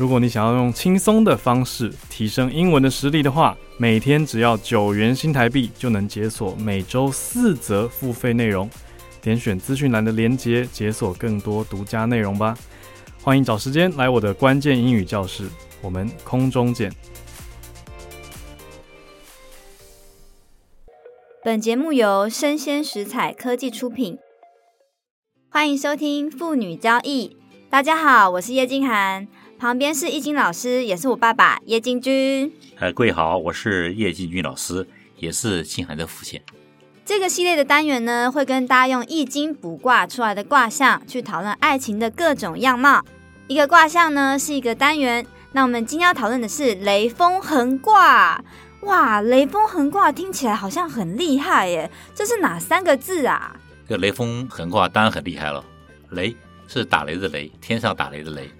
如果你想要用輕鬆的方式提升英文的實力的話，每天只要九元新台幣就能解鎖每週四則付費內容。點選資訊欄的鏈接，解鎖更多獨家內容吧。歡迎找時間來我的關鍵英語教室，我們空中見。本節目由聲鮮時采科技出品，歡迎收聽《父女交易》。大家好，我是葉靜涵。旁邊是易經老師，也是我爸爸葉金軍。呃、哎，各位好，我是葉金軍老師，也是青海的父親。這個系列的單元呢，會跟大家用易經卜卦出來的卦象去討論愛情的各種樣貌。一個卦象呢，是一個單元。那我們今天要討論的是雷風恆卦。哇，雷風恆卦聽起來好像很厲害耶！這是哪三個字啊？這個、雷風恆卦當然很厲害了。雷是打雷的雷，天上打雷的雷。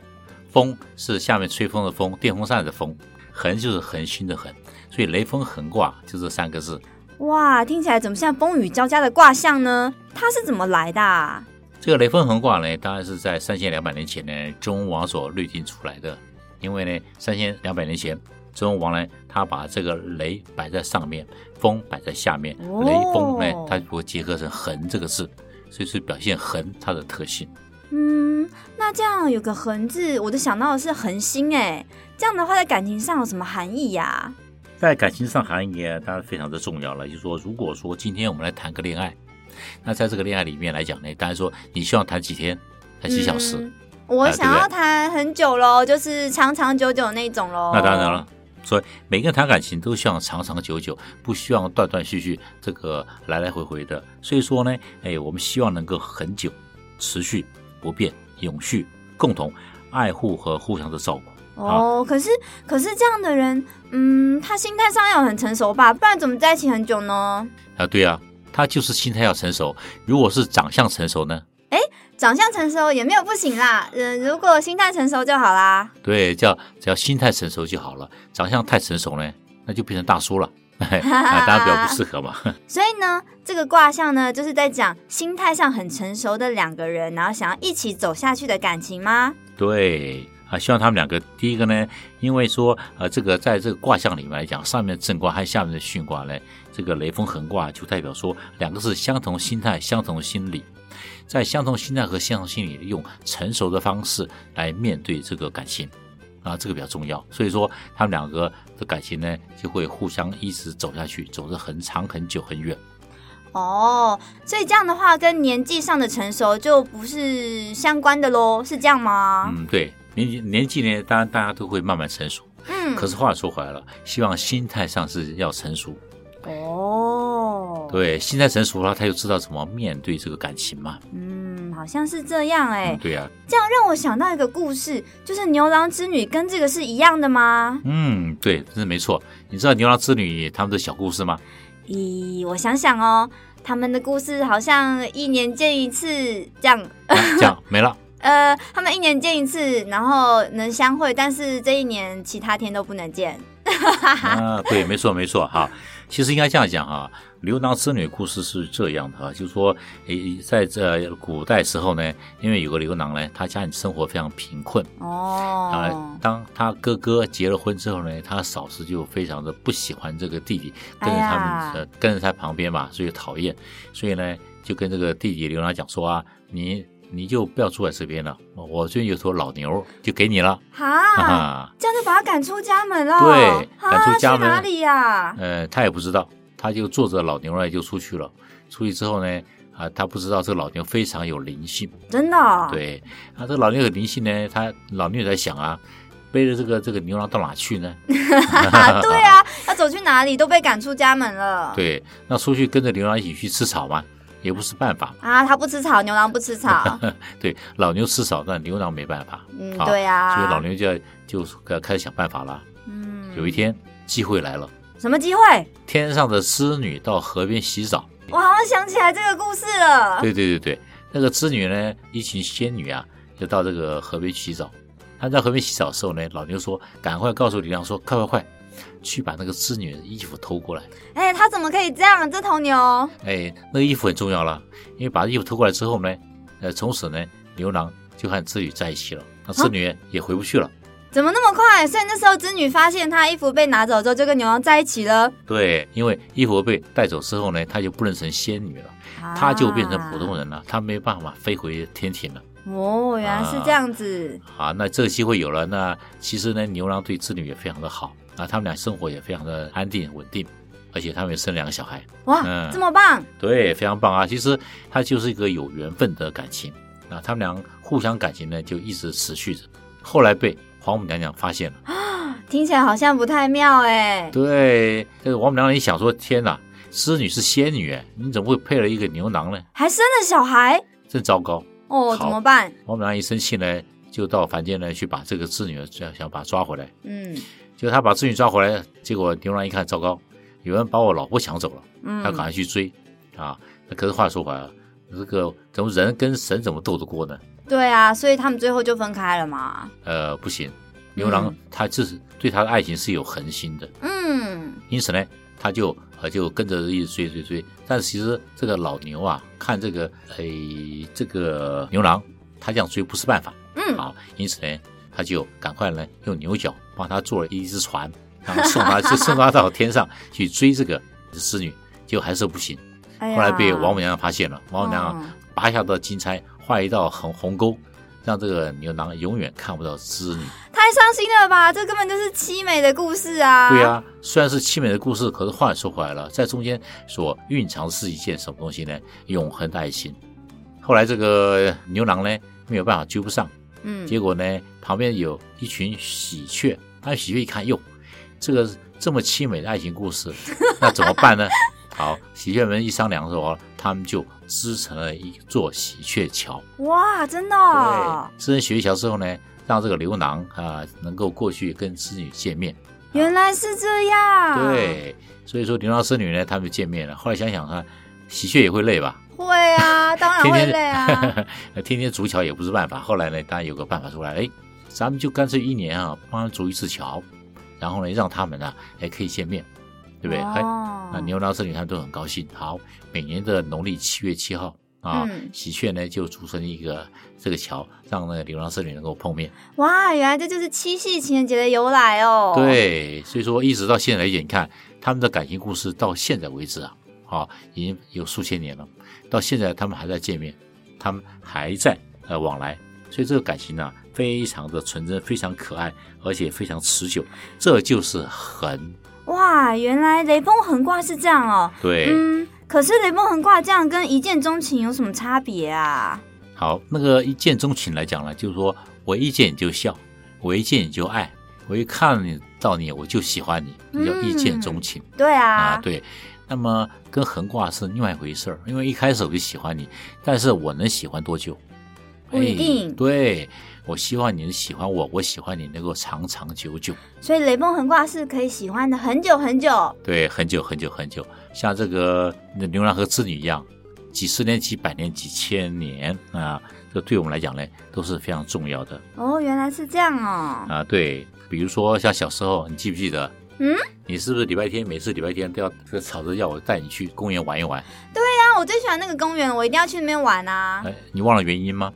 風是下面吹風的風，電風扇的風；恆就是恆心的恆，所以雷風恆卦就這三個字。哇，聽起來怎麼像風雨交加的卦象呢？它是怎麼來的、啊？這個雷風恆卦呢，當然是在三千兩百年前呢，周文王所濾定出來的。因為呢，三千兩百年前，周文王呢，他把這個雷擺在上面，風擺在下面，雷風呢，它就會結合成恆這個字，所以是表現恆它的特性。嗯，那這樣有個恆字，我就想到的是恆心。哎。這樣的話，在感情上有什麼含義呀、啊？在感情上含義當然非常的重要了。就是說，如果說今天我們來談個戀愛，那在這個戀愛裡面來講呢，當然說你希望談幾天，談幾小時？嗯呃、我想要談很久嘍，就是長長久久那種嘍。那當然了，所以每個人談感情都希望長長久久，不希望斷斷續續，這個來來回回的。所以說呢，哎、欸，我們希望能夠很久持續。不變，永續，共同愛護和互相的照顧。哦，啊、可是可是這樣的人，嗯，他心態上要很成熟吧，不然怎麼在一起很久呢？啊，對啊，他就是心態要成熟。如果是長相成熟呢？哎，長相成熟也沒有不行啦。嗯、呃，如果心態成熟就好啦。對，只要，只要心態成熟就好了。長相太成熟呢，那就變成大叔了。大家比較不適合嘛 ？所以呢，這個卦象呢，就是在講心態上很成熟的兩個人，然後想要一起走下去的感情嗎？對，啊，希望他們兩個。第一個呢，因為說呃，這個在這個卦象裡面來講，上面震卦還有下面的巽卦呢，這個雷風恆卦就代表說，兩個是相同心態、相同心理，在相同心態和相同心理，用成熟的方式來面對這個感情。啊，這個比較重要，所以說他們兩個的感情呢，就會互相一直走下去，走得很長、很久、很遠。哦，所以這樣的話，跟年紀上的成熟就不是相關的嘍，是這樣嗎？嗯，對，年，年紀年紀呢，當然大家都會慢慢成熟。嗯，可是話說回來了，希望心態上是要成熟。哦。對，現在成熟了，他就知道怎麼面對這個感情嘛。嗯，好像是這樣哎、欸嗯。對呀、啊，這樣讓我想到一個故事，就是牛郎織女跟這個是一樣的嗎？嗯，對，真的沒錯。你知道牛郎織女他們的小故事嗎？咦，我想想哦，他們的故事好像一年見一次這樣，啊、 這樣沒了。呃，他們一年見一次，然後能相會，但是這一年其他天都不能見。哈、 啊、對，沒錯沒錯哈。其實應該這樣講哈、哦。牛郎織女故事是這樣的啊，就是說，誒，在這、呃、古代時候呢，因為有個牛郎呢，他家裡生活非常貧困哦。啊，當他哥哥結了婚之後呢，他嫂子就非常的不喜歡這個弟弟，跟着他們，哎呃、跟着他旁邊嘛，所以討厭，所以呢，就跟這個弟弟牛郎講說啊，你你就不要住在這邊了，我最近有頭老牛，就給你了哈、啊啊。這樣就把他趕出家門了。對，趕出家門、啊、哪裡呀、啊？呃，他也不知道。他就坐着老牛呢，就出去了。出去之後呢，啊，他不知道這個老牛非常有靈性，真的。對，啊，這老牛很靈性呢，他老牛也在想啊，背着這個這個牛郎到哪兒去呢？ 對啊，他走去哪裡都被趕出家門了。對，那出去跟着牛郎一起去吃草嘛，也不是辦法啊， 他不吃草，牛郎不吃草。 對，老牛吃草，但牛郎沒辦法。嗯，對呀、啊。所以老牛就要就要開始想辦法了。嗯。有一天，機會來了。什麼機會？天上的織女到河邊洗澡。我好像想起來這個故事了。對對對對，那個織女呢，一群仙女啊，就到這個河邊洗澡。她在河邊洗澡的時候呢，老牛說：“趕快告訴牛郎說快快快，去把那個織女的衣服偷過來。”哎，他怎麼可以這樣？這頭牛。哎，那個衣服很重要了，因為把衣服偷過來之後呢，呃，從此呢，牛郎就和織女在一起了，那織女也回不去了。啊怎麼那麼快？所以那時候織女發現她衣服被拿走之後，就跟牛郎在一起了。對，因為衣服被帶走之後呢，她就不能成仙女了、啊，她就變成普通人了，她沒辦法飛回天庭了。哦，原來是這樣子。啊、好，那這個機會有了，那其實呢，牛郎對織女也非常的好啊，他們倆生活也非常的安定穩定，而且他們也生兩個小孩。哇、嗯，這麼棒！對，非常棒啊。其實他就是一個有緣分的感情啊，他們倆互相感情呢就一直持續着。後來被王母娘娘發現了啊，聽起來好像不太妙哎、欸。對，這個王母娘娘一想說：“天哪，織女是仙女哎，你怎麼會配了一個牛郎呢？還生了小孩？真糟糕哦，怎麼辦？”王母娘娘一生氣呢，就到凡間呢，去把這個織女，就想把她抓回來。嗯，就她把織女抓回來，結果牛郎一看，糟糕，有人把我老婆搶走了。嗯，他趕快去追、嗯、啊。可是話說回來，這個怎麼人跟神怎麼鬥得過呢？對啊，所以他們最後就分開了嘛。呃，不行，牛郎他就是對他的愛情是有恆心的，嗯，因此呢，他就呃就跟着一直追追追。但是其實這個老牛啊，看這個哎這個牛郎，他這樣追不是辦法，嗯好、啊，因此呢，他就趕快呢用牛角幫他做了一隻船，然後送他去 送他到天上去追這個織女，就還是不行。後、哎、來被王母娘娘發現了，王母娘娘、啊嗯、拔下的金釵。畫一道橫鴻溝，讓這個牛郎永遠看不到織女。太傷心了吧！這根本就是淒美的故事啊。對啊，雖然是淒美的故事，可是話說回來了，在中間所蘊藏的是一件什麼東西呢？永恆的愛情。後來這個牛郎呢，沒有辦法追不上。嗯。結果呢，旁邊有一群喜鵲，那喜鵲一看，喲，這個這麼淒美的愛情故事，那怎麼辦呢？ 好，喜鵲們一商量的時候，他們就。織成了一座喜鵲橋，哇，真的、哦！對，織成喜鵲橋之後呢，讓這個牛郎啊能夠過去跟織女見面、啊。原來是這樣，對，所以說牛郎織女呢，他們見面了。後來想想啊，喜鵲也會累吧？會啊，當然會累啊。哈。 天天築 橋也不是辦法。後來呢，當然有個辦法出來，哎，咱們就乾脆一年啊，幫他築一次橋，然後呢，讓他們呢、啊，還、哎、可以見面。對不對？哦、oh. 哎，那牛郎織女他們都很高興。好，每年的農曆七月七號啊，喜鵲呢就組成一個這個橋，讓那個牛郎織女能夠碰面。哇，原來這就是七夕情人節的由來哦。對，所以說一直到現在來看，他們的感情故事到現在為止啊，啊，已經有數千年了。到現在他們還在見面，他們還在呃往來，所以這個感情呢、啊，非常的純真，非常可愛，而且非常持久。這就是恆。哇，原來雷風恆卦是這樣哦。對，嗯，可是雷風恆卦這樣跟一見鍾情有什麼差別啊？好，那個一見鍾情來講呢，就是說我一見你就笑，我一見你就愛，我一看到你我就喜歡你，叫、嗯、一見鍾情。對啊，啊對，那麼跟恆卦是另外一回事兒，因為一開始我就喜歡你，但是我能喜歡多久？不一定，對我希望你喜歡我，我喜歡你能夠長長久久。所以雷風恆卦是可以喜歡的很久很久。對，很久很久很久，像這個牛郎和織女一樣，幾十年、幾百年、幾千年啊，這對我們來講呢都是非常重要的。哦，原來是這樣哦。啊，對，比如說像小時候，你記不記得？嗯。你是不是禮拜天每次禮拜天都要吵着要我帶你去公園玩一玩？對呀、啊，我最喜歡那個公園，我一定要去那邊玩啊！哎，你忘了原因嗎？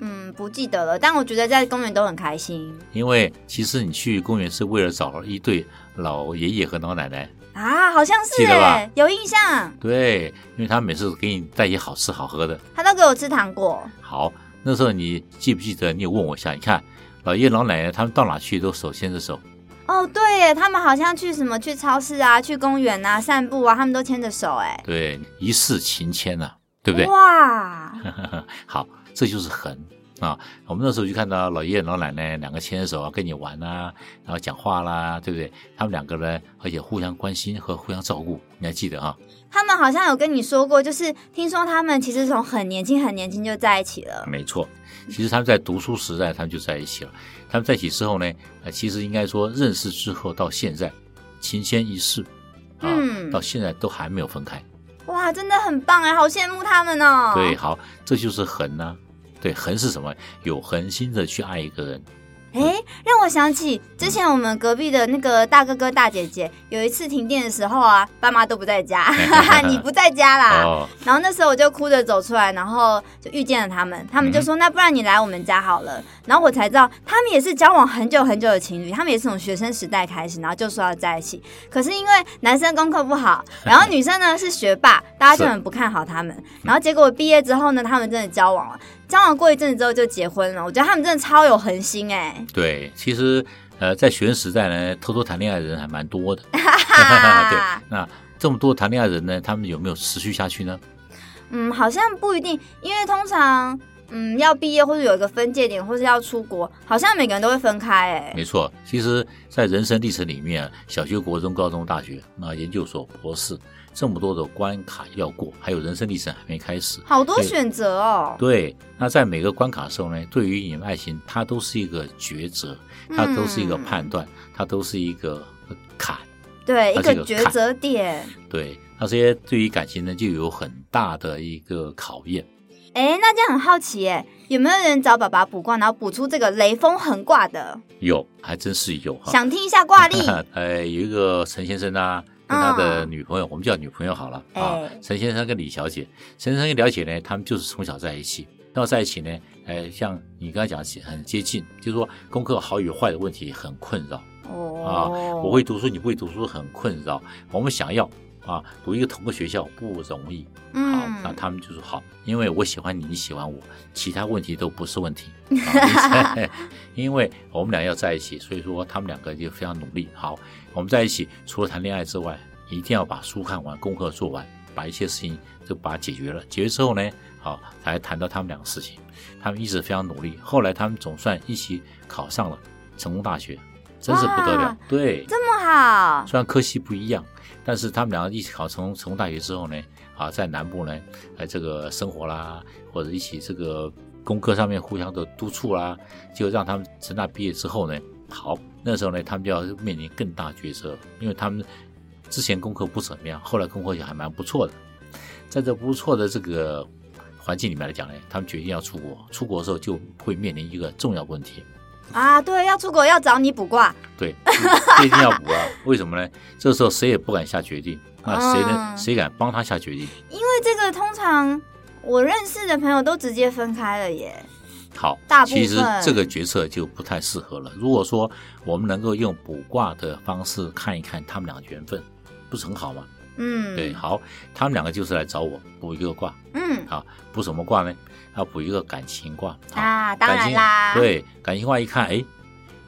嗯，不記得了，但我覺得在公園都很開心。因為其實你去公園是為了找一對老爺爺和老奶奶啊。好像是耶，記得吧？有印象。對，因為他們每次給你帶一些好吃好喝的。他都給我吃糖果。好，那時候你記不記得？你問我一下，你看老爺爺老奶奶他們到哪去都手牽着手。哦，對，他們好像去什麼去超市啊，去公園啊散步啊，他們都牽着手，哎。對，一世情牽啊，對不對？哇， 好。這就是恆啊！我們那時候就看到老爺爺老奶奶兩個牽手啊，跟你玩吶、啊，然後講話啦，對不對？他們兩個呢，而且互相關心和互相照顧，你還記得啊？他們好像有跟你說過，就是聽說他們其實從很年輕很年輕就在一起了。沒錯，其實他們在讀書時代 他們就在一起了。他們在一起之後呢，其實應該說認識之後到現在，情牽一世啊、嗯，到現在都還沒有分開。哇，真的很棒哎，好羨慕他們哦。對，好，這就是恆呢、啊。對，恆是什麼？有恆心的去愛一個人。哎、嗯欸，讓我想起之前我們隔壁的那個大哥哥大姐姐，有一次停電的時候啊，爸媽都不在家， 你不在家啦，哦。然後那時候我就哭着走出來，然後就遇見了他們。他們就說：“嗯，那不然你來我們家好了。”然後我才知道，他們也是交往很久很久的情侶，他們也是從學生時代開始，然後就說要在一起。可是因為男生功課不好，然後女生呢，是學霸。 大家就很不看好他們，然後結果畢業之後呢、嗯，他們真的交往了，交往過一陣子之後就結婚了。我覺得他們真的超有恆心哎、欸。對，其實呃，在學生時代呢，偷偷談戀愛的人還蠻多的。 對，那這麼多談戀愛的人呢，他們有沒有持續下去呢？嗯，好像不一定，因為通常嗯要畢業或者有一個分界點，或是要出國，好像每個人都會分開哎、欸。沒錯，其實，在人生歷程裡面，小學、國中、高中、大學，那研究所、博士。這麼多的關卡要過，還有人生歷程還沒開始，好多選擇哦。對，那在每個關卡的時候呢，對於你們愛情，它都是一個抉擇、嗯，它都是一個判斷，它都是一個坎。對一，一個抉擇點。對，那這些對於感情呢，就有很大的一個考驗。哎，那這樣很好奇、欸，哎，有沒有人找爸爸卜卦，然後卜出這個雷風恆卦的？有，還真是有哈。想聽一下卦例。哎 有一個陳先生啊。跟他的女朋友，oh. 我們叫女朋友好了、oh. 啊。陳先生跟李小姐，陳先生一了解呢，他們就是從小在一起，到在一起呢，呃、哎，像你剛才講起很接近，就是說功課好與壞的問題很困擾哦啊，我會讀書，你不會讀書，很困擾。我們想要。啊，讀一個同個學校不容易，好，嗯，那他們就說好，因為我喜歡你，你喜歡我，其他問題都不是問題， 因為我們倆要在一起，所以說他們兩個就非常努力，好，我們在一起除了談戀愛之外，一定要把書看完，功課做完，把一切事情都把它解決了，解決之後呢，好，才談到他們兩個事情，他們一直非常努力，後來他們總算一起考上了成功大學，真是不得了，對，這麼好，雖然科系不一樣。但是他們兩個一起考成成功大學之後呢，啊，在南部呢，哎，這個生活啦，或者一起這個功課上面互相的督促啦，就讓他們成大畢業之後呢，好，那時候呢，他們就要面臨更大抉擇，因為他們之前功課不怎麼樣，後來功課也還蠻不錯的，在這不錯的這個環境裡面來講呢，他們決定要出國，出國的時候就會面臨一個重要問題。啊，對，要出國要找你卜卦，對，一定要卜卦！ 為什麼呢？這個時候誰也不敢下決定，那誰能、嗯、誰敢幫他下決定？因為這個通常我認識的朋友都直接分開了耶。好，大部分其實這個決策就不太適合了。如果說我們能夠用卜卦的方式看一看他們倆的緣分，不是很好嗎？嗯，對，好，他們兩個就是來找我卜一個卦，嗯，好、啊，卜什麼卦呢？要卜一個感情卦啊，當然啦，對，感情卦一看，哎，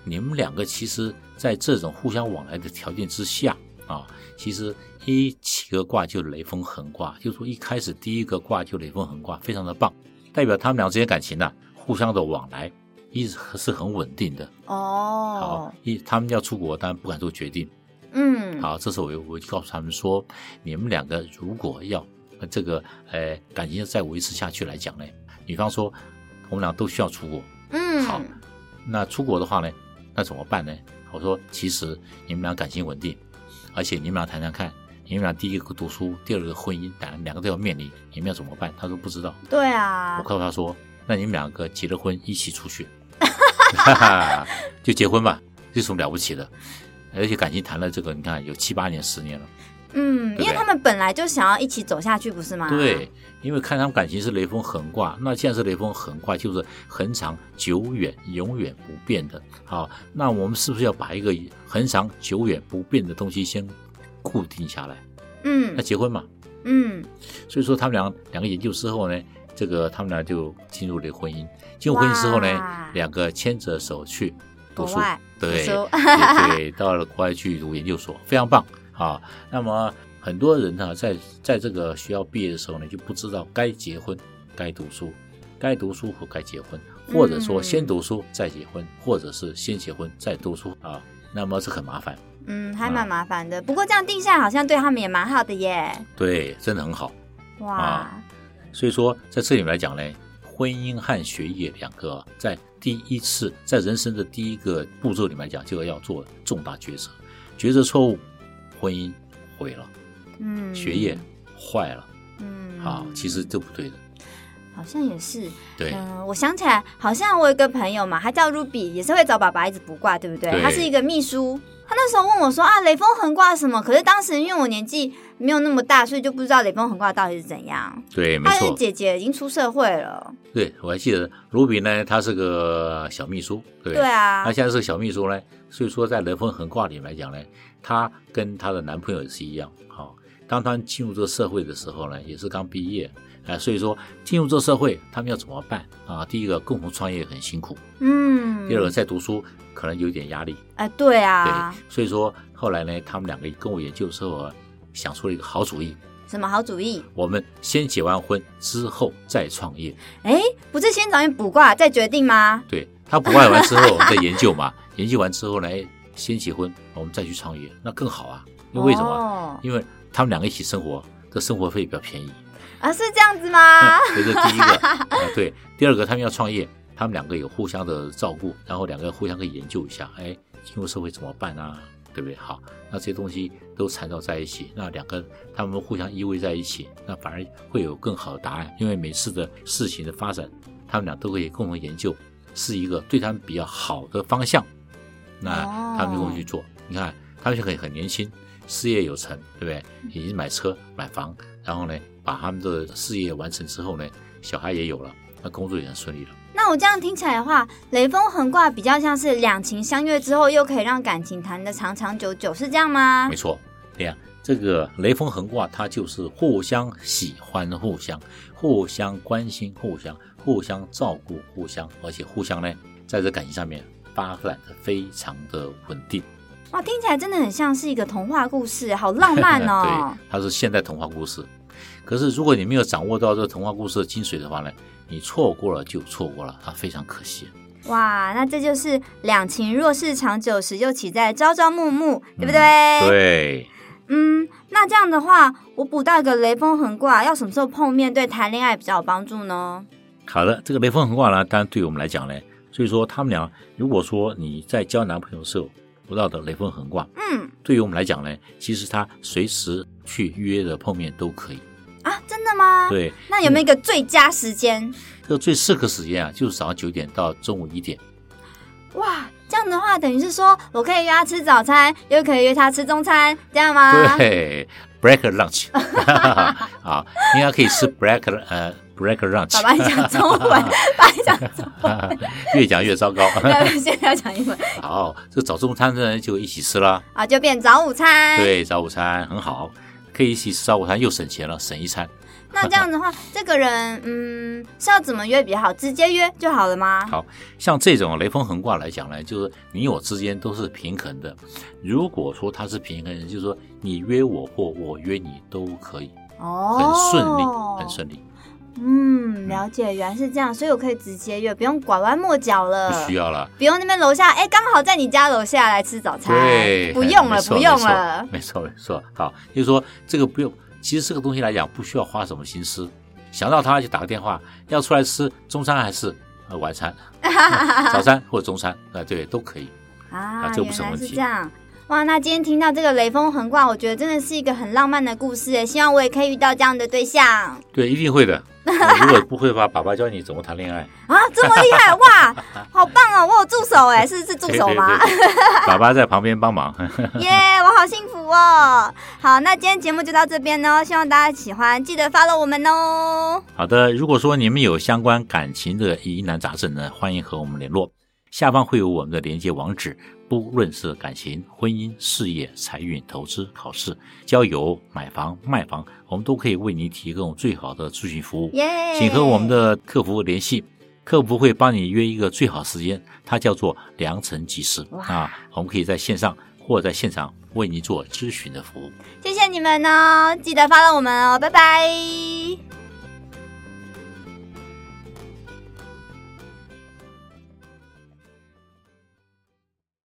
你們兩個其實在這種互相往來的條件之下啊，其實一起個卦就，就是雷風恆卦，就說一開始第一個卦就雷風恆卦，非常的棒，代表他們兩個之間感情吶、啊，互相的往來一直是很穩定的哦，好，一他們要出國，當然不敢做決定。嗯，好，這時候我我就告訴他們說，你們兩個如果要這個呃感情要再維持下去來講呢，女方說我們倆都需要出國，嗯，好，那出國的話呢，那怎麼辦呢？我說，其實你們倆感情穩定，而且你們倆談談看，你們倆第一個讀書，第二個婚姻，但兩個都要面臨，你們要怎麼辦？他說不知道。對啊，我告訴他說，那你們兩個結了婚一起出去，哈 哈 就結婚吧，有什麼了不起的。而且感情談了這個，你看有七八年、十年了，嗯，因為他們本來就想要一起走下去，不是嗎？對，因為看他們感情是雷風恆卦，那現在是雷風恆卦，就是恆長久遠、永遠不變的。好，那我們是不是要把一個恆長久遠不變的東西先固定下來？嗯，那結婚嘛，嗯，所以說他們兩兩個研究之後呢，這個他們倆就進入了婚姻。進入婚姻之後呢，兩個牽着手去。國外讀書，對，對， 到了國外去讀研究所，非常棒啊。那麼很多人呢，啊，在在這個學校畢業的時候呢，就不知道該結婚、該讀書、該讀書或該結婚，或者說先讀書再結婚，嗯嗯嗯或者是先結婚再讀書啊。那麼是很麻煩。嗯，還蠻麻煩的。啊、不過這樣定下來，好像對他們也蠻好的耶。對，真的很好。哇。啊、所以說在這裡來講呢。婚姻和學業兩個，在第一次，在人生的第一個步驟裡面講，就要做重大抉擇。抉擇錯誤，婚姻毀了，嗯，學業壞了，嗯，好、啊，其實這不對的。好像也是，對，嗯、我想起來，好像我有個朋友嘛，他叫 Ruby，也是會找爸爸一直卜卦對不對？對。他是一個秘書。他那時候問我說：“啊，雷風恆卦什麼？”可是當時因為我年紀沒有那麼大，所以就不知道雷風恆卦到底是怎樣。對，沒錯，他的姐姐已經出社會了。對，我還記得盧比呢，他是個小秘書，對不對？對啊，那現在是個小秘書呢。所以說，在雷風恆卦裡面來講呢，她跟她的男朋友也是一樣。哈、哦，當她進入這個社會的時候呢，也是剛畢業。啊，所以說，進入這社會，他們要怎麼辦啊？第一個，共同創業很辛苦。嗯。第二個，再讀書可能有點壓力。哎，對啊。對。所以說，後來呢，他們兩個跟我研究之後，想出了一個好主意。什麼好主意？我們先結完婚之後再創業。哎，不是先找人卜卦再決定嗎？對，他卜卦完之後，我們再研究嘛。研究完之後來先結婚，我們再去創業，那更好啊。為，為什麼？因為他們兩個一起生活，這生活費比較便宜。啊，是這樣子嗎？這、嗯、是第一個、 呃，對，第二個他們要創業，他們兩個有互相的照顧，然後兩個互相可以研究一下，哎，進入社會怎麼辦啊？對不對？好，那這些東西都纏繞在一起，那兩個他們互相依偎在一起，那反而會有更好的答案，因為每次的事情的發展，他們倆都可以共同研究，是一個對他們比較好的方向。那他們共同去做，哦、你看他們就可以很年輕，事業有成，對不對？已經買車買房，然後呢？把他們的事業完成之後呢，小孩也有了，那工作也很順利了。那我這樣聽起來的話，雷風恆卦比較像是兩情相悅之後，又可以讓感情談得長長久久，是這樣嗎？沒錯，對呀、啊，這個雷風恆卦它就是互相喜歡、互相互相關心、互相互相照顧、互相而且互相呢，在這感情上面發展得非常的穩定。哇，聽起來真的很像是一個童話故事，好浪漫哦！ 對，它是現代童話故事。可是，如果你沒有掌握到這個童話故事的精髓的話呢，你錯過了就錯過了，啊，非常可惜。哇，那這就是兩情若是長久時，又豈在朝朝暮暮，嗯，對不對？對。嗯，那這樣的話，我卜到一個雷風恆卦，要什麼時候碰面對談戀愛比較有幫助呢？好的，這個雷風恆卦呢，當然對於我們來講呢，所以說他們倆，如果說你在交男朋友的時候卜到的雷風恆卦，嗯，對於我們來講呢，其實他隨時去預約的碰面都可以。啊，真的嗎？對，那有沒有一個最佳時間、嗯？這個最適合時間啊，就是早上九點到中午一點。哇，這樣的話，等於是說我可以約他吃早餐，又可以約他吃中餐，這樣嗎？對，breaker lunch 啊， 應該可以吃 breaker 呃、uh,，breaker lunch。爸爸，你講中文，爸爸你講中文， 爸爸你講中文 越講越糟糕。要先要講英文。好，這個早中餐呢就一起吃了啊，就變早午餐。對，早午餐很好。可以一起吃早午餐又省錢了，省一餐。那這樣的話， 這個人，嗯，是要怎麼約比較好？直接約就好了嗎？好，像這種雷風恆卦來講呢，就是你我之間都是平衡的。如果說他是平衡人，就是說你約我或我約你都可以，哦，很順利，很順利。Oh. 嗯，了解，原來是這樣，所以我可以直接約，不用拐彎抹角了，不需要了，不用那邊樓下，哎，剛好在你家樓下來吃早餐，對，不用了，不用了，沒錯沒錯，沒錯，好，就是說這個不用，其實這個東西來講，不需要花什麼心思，想到他就打個電話，要出來吃中餐還是、呃、晚餐、 嗯，早餐或者中餐，啊、呃、對，都可以，啊，啊不成問題，原來是這樣。哇，那今天聽到這個雷風恆卦，我覺得真的是一個很浪漫的故事誒。希望我也可以遇到這樣的對象。對，一定會的。如果不會的話， 爸爸教你怎麼談戀愛啊？這麼厲害哇， 好棒哦！我有助手哎，是是助手嗎？對對對對？爸爸在旁邊幫忙。耶 yeah，我好幸福哦！好，那今天節目就到這邊哦，希望大家喜歡，記得 follow 我們哦。好的，如果說你們有相關感情的疑難雜症呢，歡迎和我們聯絡。下方會有我們的連接網址，不論是感情、婚姻、事業、財運、投資、考試、交友、買房、賣房，我們都可以為你提供最好的諮詢服務。Yeah! 請和我們的客服聯繫，客服會幫你約一個最好時間，它叫做良辰吉時。Wow! 啊。我們可以在線上或在現場為你做諮詢的服務。謝謝你們呢、哦，記得發到我們哦，拜拜。